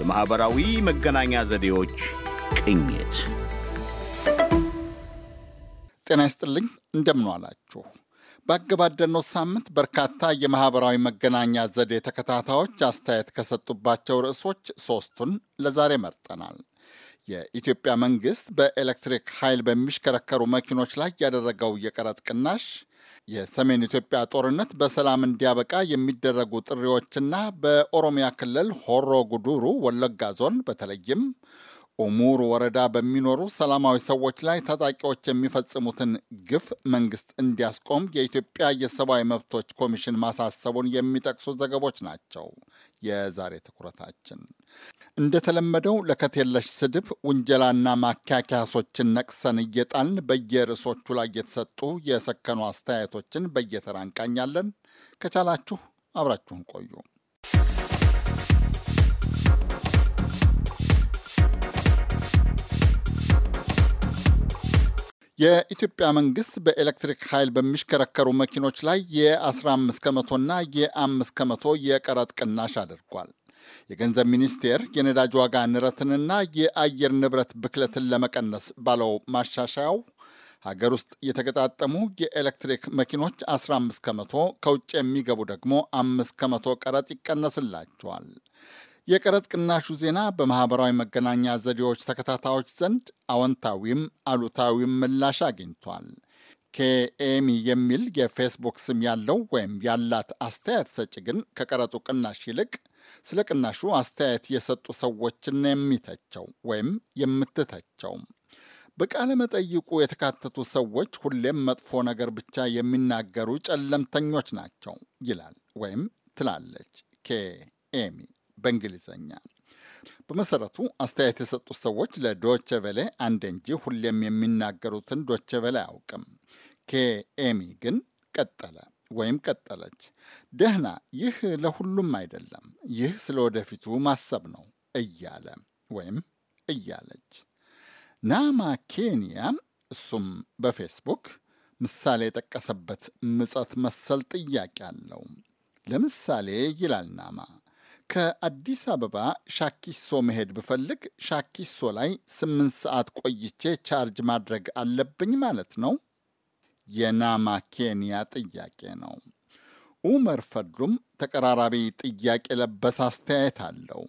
የማኅበራዊ መገናኛ ዘዴዎች ቅኝት። ጤና ይስጥልኝ፣ እንደምን ዋላችሁ። ባገባደነው ሳምንት በርካታ የማኅበራዊ መገናኛ ዘዴ ተከታታዮች አስተያየት ከሰጡባቸው ርዕሶች ሦስቱን ለዛሬ መርጠናል። የኢትዮጵያ መንግሥት በኤሌክትሪክ ኃይል በሚሽከረከሩ መኪኖች ላይ ያደረገው የቀረጥ ቅናሽ፣ የሰሜን ኢትዮጵያ ጦርነት በሰላም እንዲያበቃ የሚደረጉ ጥሪዎችና በኦሮሚያ ክልል ሆሮ ጉዱሩ ወለጋ ዞን በተለይም ኡሙር ወረዳ በሚኖሩ ሰላማዊ ሰዎች ላይ ታጣቂዎች የሚፈጽሙትን ግፍ መንግስት እንዲያስቆም የኢትዮጵያ የሰብአዊ መብቶች ኮሚሽን ማሳሰቡን የሚጠቅሱ ዘገቦች ናቸው የዛሬ ትኩረታችን። እንደተለመደው ለከት የለሽ ስድብ፣ ውንጀላና ማካካሶችን ነቅሰን እየጣልን በየርዕሶቹ ላይ የተሰጡ የሰከኑ አስተያየቶችን በየተራ እንቃኛለን። ከቻላችሁ አብራችሁን ቆዩ። የኢትዮጵያ መንግስት በኤሌክትሪክ ኃይል በሚሽከረከሩ መኪኖች ላይ የ15 ከመቶና የ5 ከመቶ የቀረጥ ቅናሽ አድርጓል። የገንዘብ ሚኒስቴር የነዳጅ ዋጋ ንረትንና የአየር ንብረት ብክለትን ለመቀነስ ባለው ማሻሻያው ሀገር ውስጥ የተገጣጠሙ የኤሌክትሪክ መኪኖች 15 ከመቶ፣ ከውጭ የሚገቡ ደግሞ 5 ከመቶ ቀረጥ ይቀነስላቸዋል። የቀረጥ ቅናሹ ዜና በማህበራዊ መገናኛ ዘዴዎች ተከታታዮች ዘንድ አዎንታዊም አሉታዊም ምላሽ አግኝቷል። ከኤሚ የሚል የፌስቡክ ስም ያለው ወይም ያላት አስተያየት ሰጪ ግን ከቀረጡ ቅናሽ ይልቅ ስለ ቅናሹ አስተያየት የሰጡ ሰዎችን የሚተቸው ወይም የምትተቸው። በቃለ መጠይቁ የተካተቱ ሰዎች ሁሌም መጥፎ ነገር ብቻ የሚናገሩ ጨለምተኞች ናቸው ይላል ወይም ትላለች ከኤሚ። በእንግሊዘኛ። በመሰረቱ አስተያየት የሰጡት ሰዎች ለዶቼ በለ አንድ እንጂ ሁሌም የሚናገሩትን ዶቼ በለ አያውቅም። ከኤሚ ግን ቀጠለ ወይም ቀጠለች። ደህና፣ ይህ ለሁሉም አይደለም፣ ይህ ስለ ወደፊቱ ማሰብ ነው እያለ ወይም እያለች ናማ ኬንያ፣ እሱም በፌስቡክ ምሳሌ የጠቀሰበት ምጸት መሰል ጥያቄ አለው። ለምሳሌ ይላል ናማ ከአዲስ አበባ ሻኪሶ መሄድ ብፈልግ ሻኪሶ ላይ ስምንት ሰዓት ቆይቼ ቻርጅ ማድረግ አለብኝ ማለት ነው? የናማ ኬንያ ጥያቄ ነው። ኡመር ፈድሩም ተቀራራቢ ጥያቄ ለበሰ አስተያየት አለው።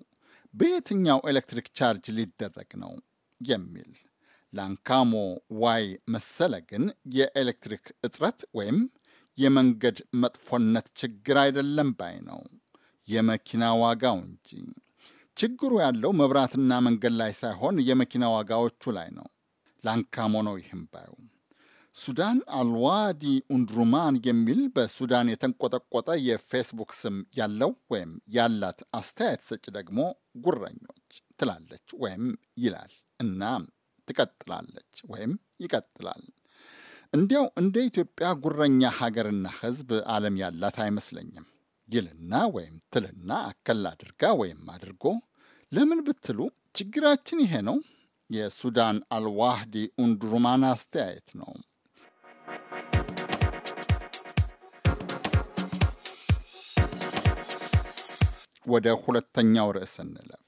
በየትኛው ኤሌክትሪክ ቻርጅ ሊደረግ ነው የሚል ላንካሞ ዋይ መሰለ ግን የኤሌክትሪክ እጥረት ወይም የመንገድ መጥፎነት ችግር አይደለም ባይ ነው። የመኪና ዋጋው እንጂ። ችግሩ ያለው መብራትና መንገድ ላይ ሳይሆን የመኪና ዋጋዎቹ ላይ ነው። ላንካሞ ነው ይህም ባዩ ሱዳን አልዋዲ ኡንድሩማን የሚል በሱዳን የተንቆጠቆጠ የፌስቡክ ስም ያለው ወይም ያላት አስተያየት ሰጭ ደግሞ ጉረኞች ትላለች ወይም ይላል እና ትቀጥላለች ወይም ይቀጥላል። እንዲያው እንደ ኢትዮጵያ ጉረኛ ሀገርና ሕዝብ ዓለም ያላት አይመስለኝም። ይልና ወይም ትልና አከል አድርጋ ወይም አድርጎ ለምን ብትሉ ችግራችን ይሄ ነው። የሱዳን አልዋህዲ ኡንዱሩማን አስተያየት ነው። ወደ ሁለተኛው ርዕስ እንለፍ።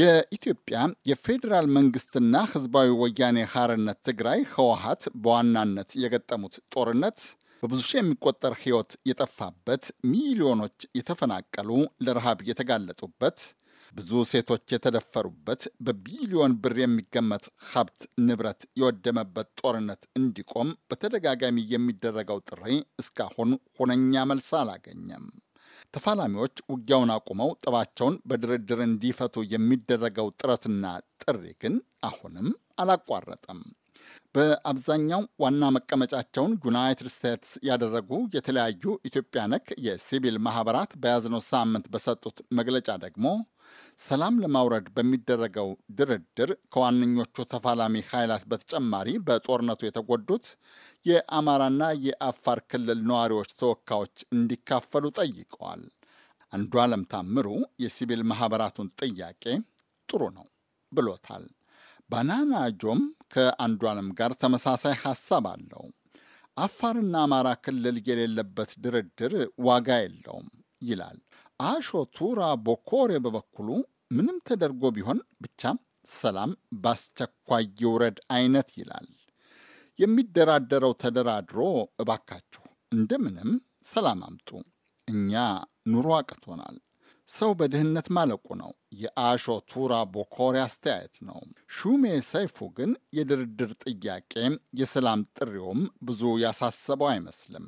የኢትዮጵያ የፌዴራል መንግስትና ህዝባዊ ወያኔ ሐርነት ትግራይ ህወሀት በዋናነት የገጠሙት ጦርነት በብዙ ሺህ የሚቆጠር ሕይወት የጠፋበት፣ ሚሊዮኖች የተፈናቀሉ ለረሃብ የተጋለጡበት፣ ብዙ ሴቶች የተደፈሩበት፣ በቢሊዮን ብር የሚገመት ሀብት ንብረት የወደመበት ጦርነት እንዲቆም በተደጋጋሚ የሚደረገው ጥሪ እስካሁን ሁነኛ መልስ አላገኘም። ተፋላሚዎች ውጊያውን አቁመው ጥባቸውን በድርድር እንዲፈቱ የሚደረገው ጥረትና ጥሪ ግን አሁንም አላቋረጠም። በአብዛኛው ዋና መቀመጫቸውን ዩናይትድ ስቴትስ ያደረጉ የተለያዩ ኢትዮጵያ ነክ የሲቪል ማህበራት በያዝነው ሳምንት በሰጡት መግለጫ ደግሞ ሰላም ለማውረድ በሚደረገው ድርድር ከዋነኞቹ ተፋላሚ ኃይላት በተጨማሪ በጦርነቱ የተጎዱት የአማራና የአፋር ክልል ነዋሪዎች ተወካዮች እንዲካፈሉ ጠይቀዋል። አንዷለም ታምሩ የሲቪል ማህበራቱን ጥያቄ ጥሩ ነው ብሎታል። ባናና ጆም ከአንዱ ዓለም ጋር ተመሳሳይ ሀሳብ አለው። አፋርና አማራ ክልል የሌለበት ድርድር ዋጋ የለውም ይላል። አሾ ቱራ ቦኮሬ በበኩሉ ምንም ተደርጎ ቢሆን ብቻ ሰላም በአስቸኳይ ይውረድ አይነት ይላል። የሚደራደረው ተደራድሮ እባካችሁ እንደምንም ሰላም አምጡ፣ እኛ ኑሮ አቅቶናል ሰው በድህነት ማለቁ ነው። የአሾ ቱራ ቦኮሪ አስተያየት ነው። ሹሜ ሰይፉ ግን የድርድር ጥያቄ የሰላም ጥሪውም ብዙ ያሳሰበው አይመስልም።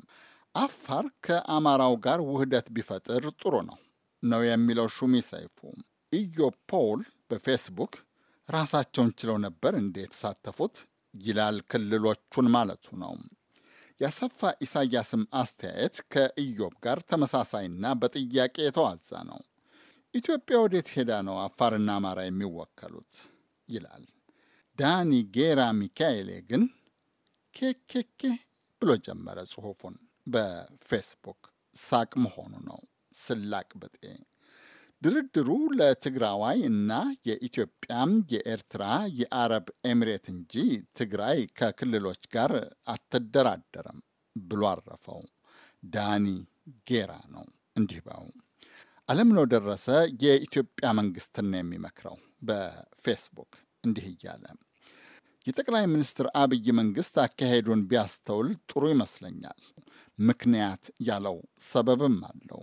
አፋር ከአማራው ጋር ውህደት ቢፈጥር ጥሩ ነው ነው የሚለው ሹሜ ሰይፉ። ፖል በፌስቡክ ራሳቸውን ችለው ነበር እንዴ የተሳተፉት ይላል። ክልሎቹን ማለቱ ነው። ያሰፋ ኢሳያስም አስተያየት ከኢዮብ ጋር ተመሳሳይና በጥያቄ የተዋዛ ነው። ኢትዮጵያ ወዴት ሄዳ ነው አፋርና አማራ የሚወከሉት ይላል። ዳኒ ጌራ ሚካኤሌ ግን ኬኬኬ ብሎ ጀመረ ጽሑፉን በፌስቡክ ሳቅ መሆኑ ነው ስላቅ ብጤ ድርድሩ ለትግራዋይ እና የኢትዮጵያም የኤርትራ የአረብ ኤሚሬት እንጂ ትግራይ ከክልሎች ጋር አትደራደርም ብሎ አረፈው። ዳኒ ጌራ ነው እንዲህ ባው አለምነው ደረሰ የኢትዮጵያ መንግስትን የሚመክረው በፌስቡክ እንዲህ እያለ የጠቅላይ ሚኒስትር አብይ መንግስት አካሄዱን ቢያስተውል ጥሩ ይመስለኛል። ምክንያት ያለው ሰበብም አለው።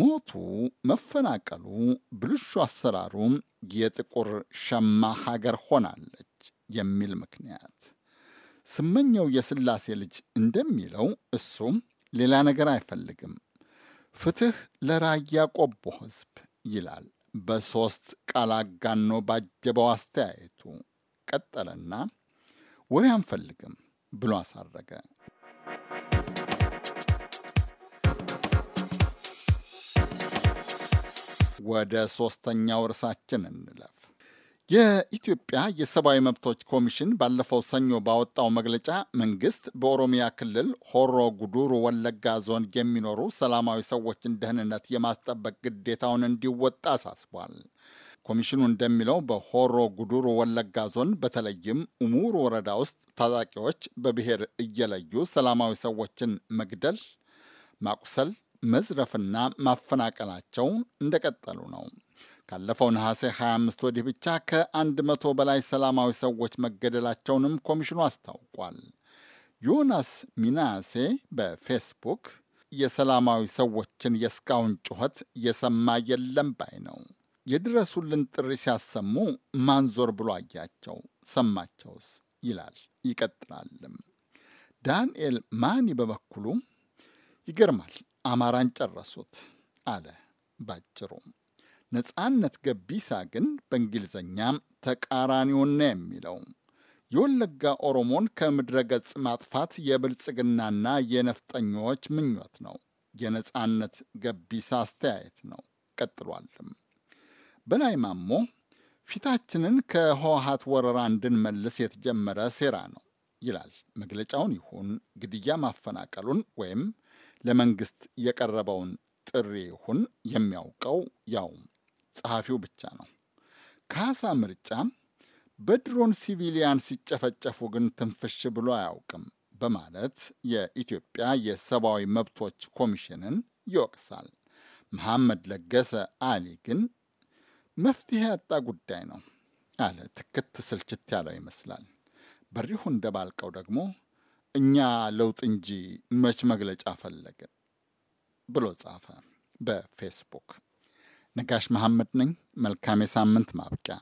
ሞቱ፣ መፈናቀሉ፣ ብልሹ አሰራሩም የጥቁር ሸማ ሀገር ሆናለች የሚል ምክንያት ስመኘው የስላሴ ልጅ እንደሚለው እሱም ሌላ ነገር አይፈልግም ፍትህ ለራያ ቆቦ ህዝብ ይላል በሦስት ቃል አጋኖ ባጀበው አስተያየቱ። ቀጠለና ወሬ አንፈልግም ብሎ አሳረገ። ወደ ሦስተኛው እርሳችን እንለፍ። የኢትዮጵያ የሰብአዊ መብቶች ኮሚሽን ባለፈው ሰኞ ባወጣው መግለጫ መንግስት በኦሮሚያ ክልል ሆሮ ጉዱሩ ወለጋ ዞን የሚኖሩ ሰላማዊ ሰዎችን ደህንነት የማስጠበቅ ግዴታውን እንዲወጣ አሳስቧል። ኮሚሽኑ እንደሚለው በሆሮ ጉዱሩ ወለጋ ዞን በተለይም ኡሙር ወረዳ ውስጥ ታጣቂዎች በብሔር እየለዩ ሰላማዊ ሰዎችን መግደል፣ ማቁሰል፣ መዝረፍና ማፈናቀላቸው እንደቀጠሉ ነው። ካለፈው ነሐሴ 25 ወዲህ ብቻ ከ100 በላይ ሰላማዊ ሰዎች መገደላቸውንም ኮሚሽኑ አስታውቋል። ዮናስ ሚናሴ በፌስቡክ የሰላማዊ ሰዎችን የእስካሁን ጩኸት የሰማ የለም ባይ ነው። የድረሱልን ጥሪ ሲያሰሙ ማንዞር ብሎ አያቸው ሰማቸውስ ይላል። ይቀጥላልም። ዳንኤል ማኒ በበኩሉ ይገርማል፣ አማራን ጨረሱት አለ ባጭሩም። ነፃነት ገቢሳ ግን በእንግሊዝኛ ተቃራኒውን ነው የሚለው። የወለጋ ኦሮሞን ከምድረ ገጽ ማጥፋት የብልጽግናና የነፍጠኞች ምኞት ነው። የነፃነት ገቢሳ አስተያየት ነው። ቀጥሏልም። በላይ ማሞ ፊታችንን ከህወሀት ወረራ እንድንመልስ የተጀመረ ሴራ ነው ይላል። መግለጫውን ይሁን ግድያ ማፈናቀሉን ወይም ለመንግስት የቀረበውን ጥሪ ይሁን የሚያውቀው ያው ጸሐፊው ብቻ ነው። ካሳ ምርጫ በድሮን ሲቪሊያን ሲጨፈጨፉ ግን ትንፍሽ ብሎ አያውቅም በማለት የኢትዮጵያ የሰብአዊ መብቶች ኮሚሽንን ይወቅሳል። መሐመድ ለገሰ አሊ ግን መፍትሄ ያጣ ጉዳይ ነው አለ። ትክት ስልችት ያለው ይመስላል። በሪሁ እንደባልቀው ደግሞ እኛ ለውጥ እንጂ መች መግለጫ ፈለግን ብሎ ጻፈ በፌስቡክ። ነጋሽ መሐመድ ነኝ። መልካም የሳምንት ማብቂያ